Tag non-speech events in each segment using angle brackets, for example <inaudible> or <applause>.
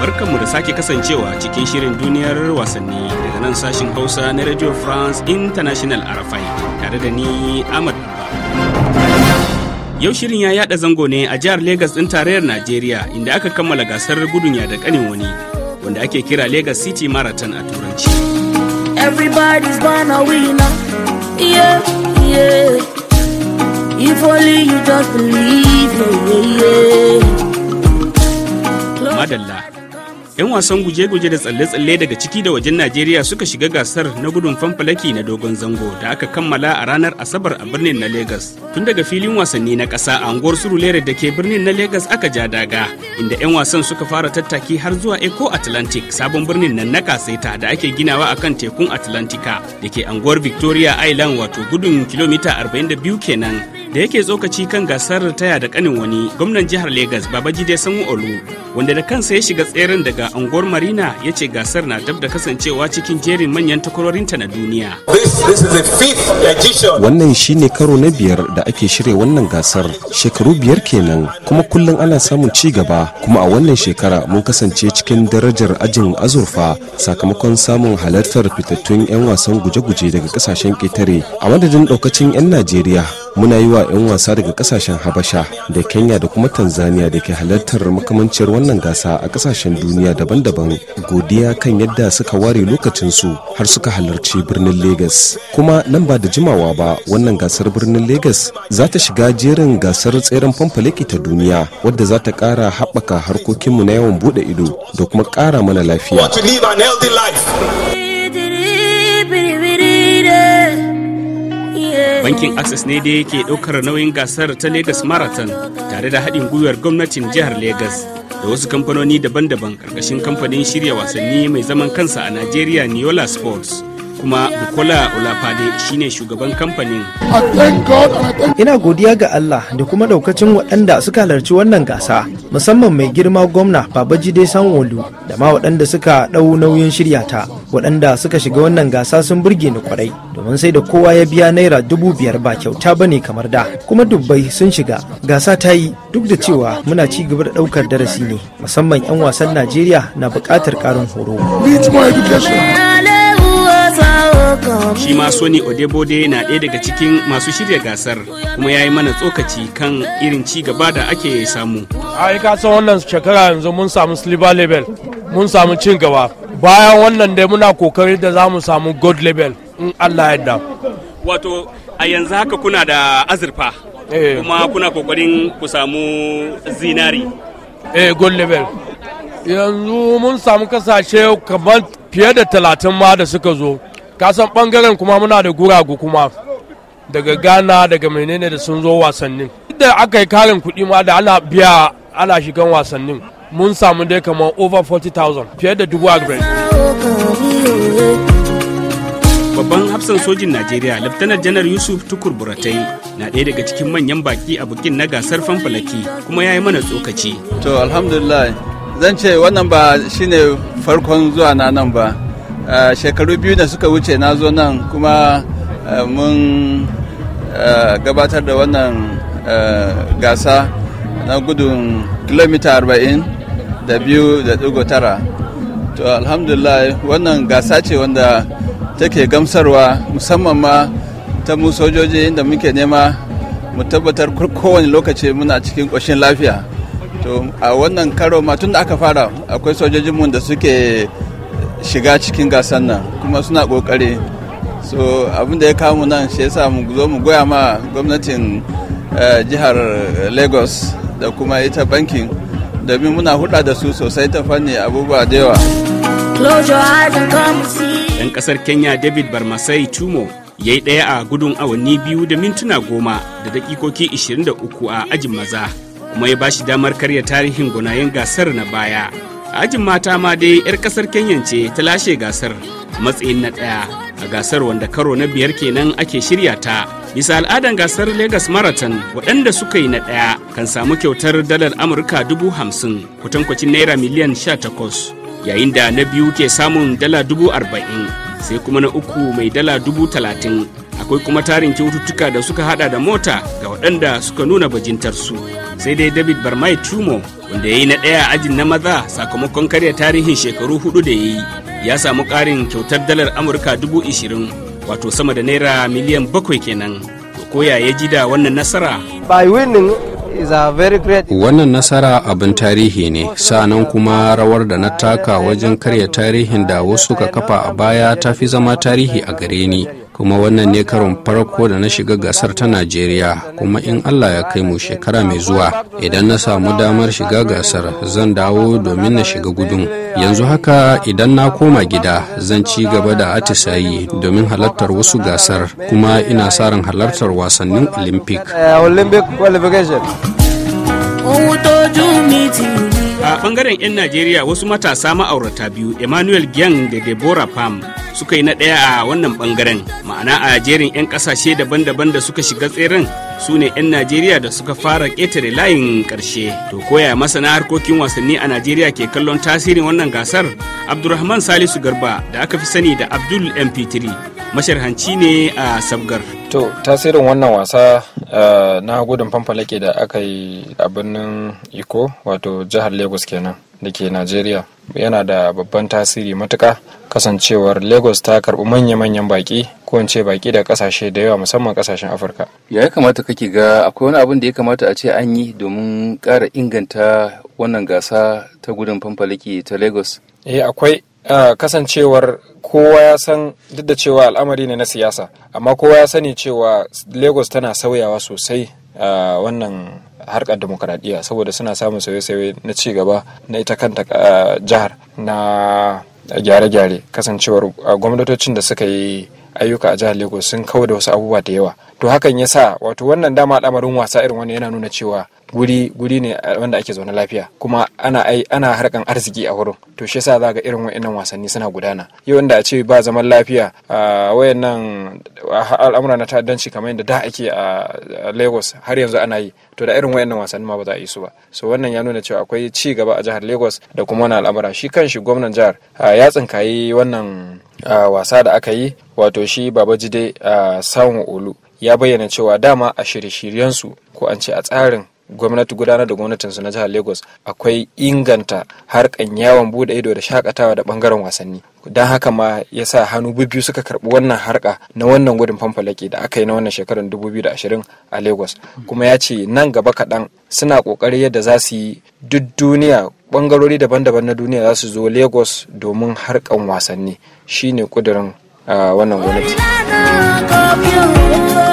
barkanmu da sake kasancewa cikin shirin duniyar wasanni daga nan sashin hausa na radio france international rfi tare da ni ahmad yau shirin ya yada zango ne a jihar lagos din tarayyar najeriya inda aka kammala gasar gudun da kanin wani wanda ake kira lagos city marathon a turanci yeah, 'Yan wasan guje-guje da tsalle-tsalle daga ciki da wajen Najeriya suka shiga gasar na gudun fanfalaki na dogon zango da aka kammala a ranar Asabar a birnin na Legas. Tun daga filin wasanni na ƙasa a unguwar Surulere da ke birnin na Legas aka ja daga, inda 'yan wasan suka fara tattaki har zuwa Eco Atlantic sabon birnin nan na Kaseta da ake ginawa a kan tekun Atlantika da ke anguwar Victoria Island wato gudun kilomita 42 kenan da yake tsokaci kan gasar taya da kanin wani gwamnan jihar Legas Babajide Sanwo Olu wanda da kansa ya shiga tseren daga unguwar Marina ya ce gasar na dab da kasancewa cikin jerin manyan ta na duniya. Wannan shine karo na biyar da ake shirya wannan gasar shekaru biyar kenan kuma kullum ana samun ci gaba kuma a wannan shekara mun kasance cikin darajar ajin azurfa sakamakon samun halartar fitattun 'yan wasan guje-guje daga kasashen ƙetare a madadin ɗaukacin 'yan Najeriya muna yi zuwa 'yan wasa daga kasashen habasha da kenya da kuma tanzania da ke halartar makamanciyar wannan gasa a kasashen duniya daban-daban godiya kan yadda suka ware lokacinsu har suka halarci birnin lagos kuma nan ba da jimawa ba wannan gasar birnin lagos za ta shiga jerin gasar tseren famfaleki ta duniya wadda za ta kara haɓaka harkokinmu na yawan buɗe ido da kuma kara mana lafiya bankin access ne da yake ɗaukar nauyin gasar ta lagos marathon tare da haɗin gwiwar gwamnatin jihar lagos da wasu kamfanoni daban-daban ƙarƙashin kamfanin shirya wasanni mai zaman kansa a nigeria niola sports kuma Bukola Olafade shine shugaban kamfanin. Ina godiya ga Allah da kuma daukacin waɗanda suka halarci wannan gasa musamman mai girma gwamna dai Sanwo-Olu da ma waɗanda suka ɗau nauyin shirya ta waɗanda suka shiga wannan gasa sun burge ni kwarai domin sai da kowa ya biya naira dubu biyar ba kyauta bane kamar da kuma dubbai sun shiga gasa ta yi duk da cewa muna ci gaba da ɗaukar darasi ne musamman 'yan wasan Najeriya na buƙatar ƙarin horo. shi ma sony odebode na ɗaya daga cikin masu shirya gasar kuma ya yi mana tsokaci kan irin ci gaba da ake samu a yi kasa wannan shekara yanzu mun samu sliver level mun samu cin gaba bayan wannan dai muna kokari da za mu samu gold level in allah ya da. wato a yanzu haka kuna da azurfa eh. kuma kuna kokarin ku samu zinari eh gold level yanzu mun samu kasashe kamar fiye da talatin ma da suka zo kasan bangaren kuma muna da guragu kuma daga ghana daga menene da sun zo wasannin da aka yi karin kuɗi ma da ana biya ana shigan wasannin mun samu dai kamar over 40,000 fiye da dubu arba'in babban hafsan sojin najeriya laftanar janar yusuf tukur buratai na ɗaya daga cikin manyan baki a bukin na gasar fanfalaki kuma ya yi mana tsokaci to alhamdulillah zan ce wannan ba shine farkon zuwa na nan ba shekaru biyu da suka wuce na zo nan kuma mun gabatar da wannan gasa na gudun kilomita 40 da biyu da dugo tara to alhamdulillah wannan gasa ce wanda take gamsarwa musamman ma ta mu sojoji inda muke nema mu tabbatar kowane lokaci muna cikin ƙoshin lafiya to a wannan karo ma tun da aka fara akwai sojojinmu da suke shiga cikin gasar nan kuma suna kokari so abin da ya kamu nan shi yasa mu zo mu goya ma gwamnatin eh, jihar lagos da kuma ita bankin domin muna hudu da su sosai ta fanni abubuwa da yawa dan kasar kenya david barmasai tumo ya yi ɗaya a gudun awanni biyu da mintuna goma da dakikoki 23 a ajin maza kuma ya ba shi damar karya tarihin gwanayen gasar na baya Ajin mata ma dai 'yar kasar kenya ce ta lashe gasar matsayin na ɗaya a gasar wanda karo na biyar kenan ake shirya ta. Bisa al'adan gasar Lagos Marathon waɗanda suka yi na ɗaya kan samu kyautar dalar Amurka dubu hamsin kwatankwacin naira miliyan sha takwas yayin da na biyu ke samun dala dubu arba'in sai kuma na uku mai dala dubu talatin akwai kuma tarin kyaututtuka da suka hada da mota ga waɗanda suka nuna bajintarsu. sai dai david barmai chumo wanda ya yi na ɗaya ajin na maza sakamakon karya tarihin shekaru hudu da ya yi ya samu ƙarin kyautar dalar amurka dubu ishirin wato sama da naira miliyan bakwai kenan to koya ya ji da wannan nasara <laughs> wannan nasara abin tarihi ne sanan kuma rawar da na taka wajen karya tarihin da wasu ka kafa a baya ta fi zama tarihi a gare ni kuma wannan ne karon farko da na shiga gasar ta najeriya kuma in allah ya kai mu shekara mai zuwa idan na samu damar shiga gasar zan dawo domin na shiga gudun yanzu haka idan na koma gida zan ci gaba da atisayi domin halartar wasu gasar kuma ina sa ran halartar wasannin olympic eh, a bangaren 'yan najeriya wasu matasa ma'aurata biyu emmanuel gyang da deborah pam suka yi na ɗaya a wannan bangaren ma'ana a jerin 'yan ƙasashe daban-daban da suka shiga tseren su ne 'yan najeriya da suka fara ƙetare layin ƙarshe to koya masana harkokin wasanni a najeriya ke kallon tasirin wannan gasar abdulrahman salisu garba da aka fi sani da abdul mp3 masharhanci ne a sabgar to tasirin wannan wasa eh, na gudun fanfalake da aka yi a birnin iko wato jihar lagos kenan da ke najeriya yana da babban tasiri matuka kasancewar lagos ta karbi manya-manyan baki ko in ce baki da kasashe da yawa musamman kasashen afirka ya kamata kake ga akwai wani abin da ya kamata a ce an yi domin kara inganta wannan gasa ta gudun fanfalaki ta lagos eh akwai Eh, kasancewar kowa ya san duk da cewa al'amari ne na siyasa amma kowa ya sani cewa lagos tana sauyawa sosai a eh, wannan harkar demokradiyya saboda suna samun sauye-sauye na ci gaba na ita kanta eh, jihar na gyare-gyare kasancewar gwamnatocin da suka yi ayyuka a jihar lagos sun kawo da wasu abubuwa da yawa to hakan ya sa wato wannan dama al'amarin wasa irin wannan yana nuna cewa guri guri ne eh, wanda ake zaune lafiya kuma ana ai ana harkan arziki a wurin to shi yasa za ga irin wa'annan wasanni suna gudana yau wanda a ce ba zaman lafiya a wayannan al'amura na ta'addanci kamar yadda da ake a Lagos har yanzu ana yi to da irin wayannan wasanni ma ba za a yi su ba so wannan ya nuna cewa akwai ci gaba a jihar Lagos da kuma wannan al'amura shi kanshi gwamnan jihar ya tsinkayi wannan wasa da aka yi wato shi baba a samun olu ya bayyana cewa dama a shirye-shiryensu ko an ce a tsarin gwamnati gudanar da gwamnatinsu na jihar lagos akwai inganta harkan yawon bude ido da shakatawa da bangaren wasanni don haka ma ya sa hannu biyu suka karbi wannan harka na wannan gudun famfalaki da aka yi na wannan shekarar 2020 a lagos kuma ya ce nan gaba kaɗan suna ƙoƙari yadda za su yi duk duniya bangarori daban-daban na duniya za su zo lagos domin harkan wasanni shine kudirin wannan gwamnati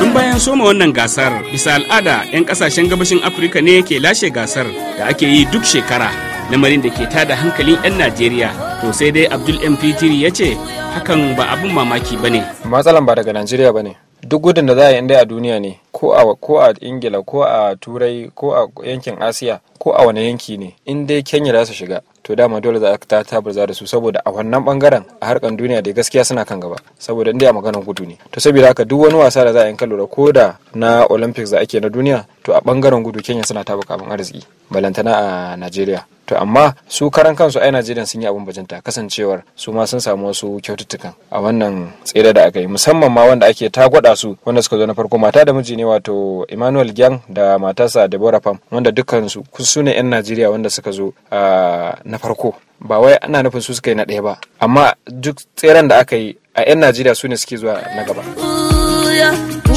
tun bayan soma wannan gasar bisa al'ada 'yan kasashen gabashin afirka ne ke lashe gasar da ake yi duk shekara lamarin da ke tada hankalin 'yan najeriya to sai dai abdul mp ya ce hakan ba abin mamaki ba ne matsalan ba daga najeriya ba ne duk gudun da za a yi inda a duniya ne ko a ko a ingila ko a turai ko a yankin asiya ko a wani yanki ne in dai kenya za su shiga to dama dole za a ta tabarza da su saboda a wannan bangaren a harkan duniya da gaskiya suna kan gaba saboda inda a maganar gudu ne to saboda haka duk wani wasa da za a yi kalura ko da na olympics da ake na duniya to a bangaren gudu kenya suna taɓa kamun arziki balantana a najeriya to amma su karan kansu ai najeriya sun yi abin bajinta kasancewar su ma sun samu wasu kyaututtukan a wannan tsere da aka yi musamman ma wanda ake ta gwada su wanda suka zo na farko mata da miji ne wato emmanuel gyan da matasa deborah pam wanda dukkansu su ne yan najeriya wanda suka zo na farko ba wai ana nufin su suka yi na ɗaya ba amma duk tseren da aka yi a yan najeriya su ne suke zuwa na gaba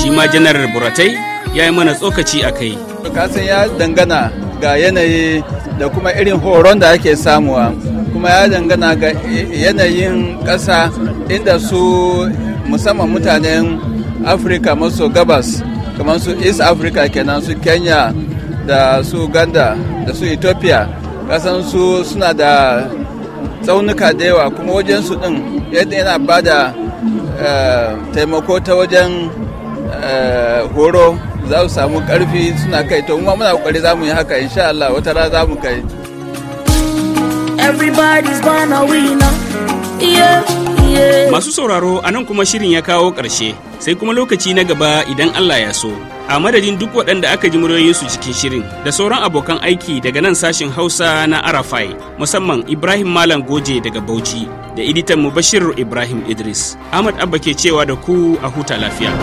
shi ma janar buratai ya yi mana tsokaci a kai. Kasan ya dangana ga yanayi da kuma irin horon da ake samuwa kuma ya dangana ga yanayin ƙasa inda su musamman mutanen afrika maso gabas kamar su east africa kenan su kenya da su uganda da su ethiopia kasan su suna da tsaunuka da yawa kuma wajen su din yadda yana ba da eh, taimako ta wajen eh, horo za su samu karfi suna kai to mu muna kokari za mu yi haka insha Allah wata rana za mu kai Everybody's gonna win Yeah, yeah. Masu sauraro a nan kuma shirin ya kawo ƙarshe sai kuma lokaci na gaba idan Allah ya so. A madadin duk waɗanda aka ji muryoyinsu cikin shirin da sauran abokan aiki daga nan sashin Hausa na Arafai musamman Ibrahim Malam Goje daga Bauchi da editan mu Bashir Ibrahim Idris. Ahmad Abba ke cewa da ku a huta lafiya.